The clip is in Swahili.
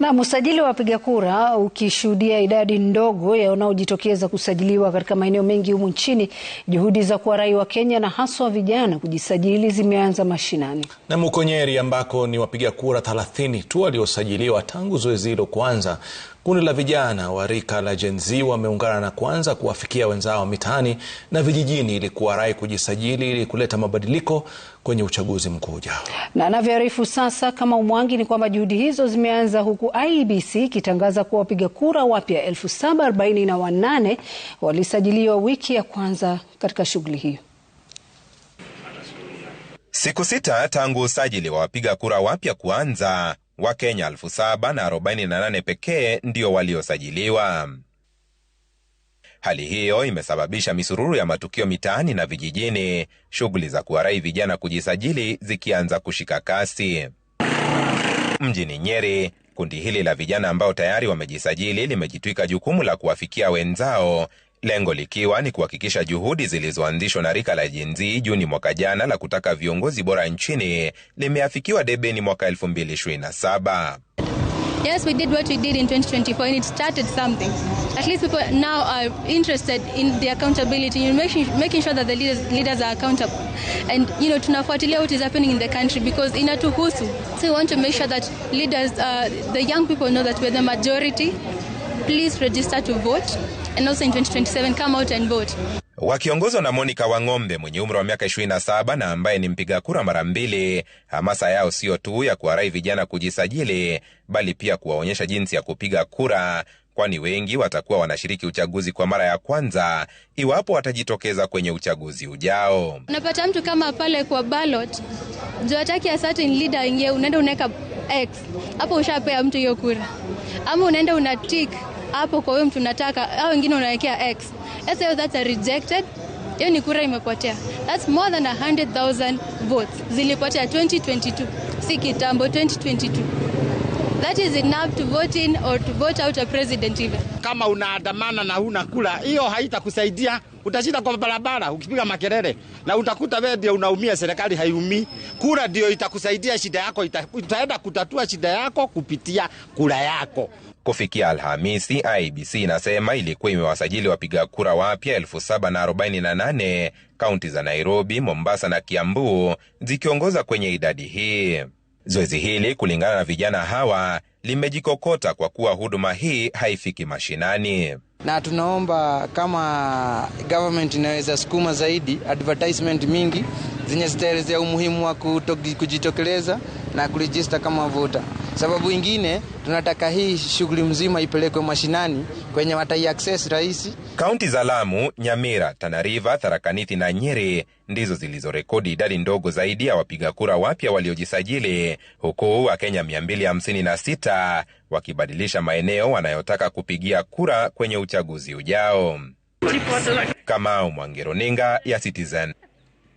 Na usajili wa wapiga kura ukishuhudia idadi ndogo ya wanaojitokeza kusajiliwa katika maeneo mengi humu nchini, juhudi za kuwarai kenya na haswa vijana kujisajili zimeanza mashinani. Na huko Nyeri ambako ni wapiga kura 30 tu waliosajiliwa tangu zoezi hilo kuanza, kundi la vijana wa rika la Gen Z wameungana na kuanza kuwafikia wenzao mitaani na vijijini ili kuwarai kujisajili ili kuleta mabadiliko kwenye uchaguzi mkuu ujao. Na anavyoarifu sasa kama Umwangi ni kwamba juhudi hizo zimeanza huku IEBC ikitangaza kuwa wapiga kura wapya elfu walisajiliwa wiki ya kwanza katika shughuli hiyo. Siku sita tangu usajili wa wapiga kura wapya kuanza, Wakenya elfu saba pekee ndio waliosajiliwa. Hali hiyo imesababisha misururu ya matukio mitaani na vijijini, shughuli za kuwarai vijana kujisajili zikianza kushika kasi. Mjini Nyeri, kundi hili la vijana ambao tayari wamejisajili limejitwika jukumu la kuwafikia wenzao, lengo likiwa ni kuhakikisha juhudi zilizoanzishwa na rika la Gen Z Juni mwaka jana la kutaka viongozi bora nchini limeafikiwa debeni mwaka 2027. yes, we did what we did in 2024 and it started something. At least people now are interested in the accountability, in making, making sure that the leaders, leaders are accountable. And, you know, to tunafuatilia what is happening in the country because in inatuhusu. So we want to make sure that leaders, uh, the young people know that we're the majority Please register to vote and also in 2027 come out and vote. Wakiongozwa na Monica Wang'ombe mwenye umri wa miaka 27 na ambaye ni mpiga kura mara mbili, hamasa yao siyo tu ya kuwarai vijana kujisajili, bali pia kuwaonyesha jinsi ya kupiga kura, kwani wengi watakuwa wanashiriki uchaguzi kwa mara ya kwanza iwapo watajitokeza kwenye uchaguzi ujao. Unapata mtu kama pale kwa ballot, juu hataki a leader ingie, unaenda unaweka X hapo, ushapea mtu hiyo kura, ama unaenda una tick hapo kwa huyo mtu nataka, au wengine unawekea X. Sasa hiyo that's a rejected, hiyo ni kura imepotea. That's more than 100,000 votes zilipotea 2022, si kitambo 2022. That is enough to vote in or to vote out a president even. Kama unaandamana na huna kula, hiyo haitakusaidia. Utashinda kwa barabara ukipiga makelele na utakuta wewe ndio unaumia, serikali haiumii. Kura ndio itakusaidia shida yako, itaenda kutatua shida yako kupitia kura yako. Kufikia Alhamisi, IBC inasema ilikuwa imewasajili wapiga kura wapya elfu kaunti za Nairobi, Mombasa na Kiambu zikiongoza kwenye idadi hii. Zoezi hili kulingana na vijana hawa limejikokota kwa kuwa huduma hii haifiki mashinani na tunaomba kama government inaweza sukuma zaidi advertisement mingi zenye zitaelezea umuhimu wa kujitokeleza na kurejista kama vota. Sababu ingine tunataka hii shughuli mzima ipelekwe mashinani kwenye watai access rahisi. Kaunti za Lamu, Nyamira, Tana River, Tharaka Nithi na Nyeri ndizo zilizorekodi idadi ndogo zaidi ya wapiga kura wapya waliojisajili, huku Wakenya 256 wakibadilisha maeneo wanayotaka kupigia kura kwenye uchaguzi ujao. Kamau Mwangi, runinga ya Citizen.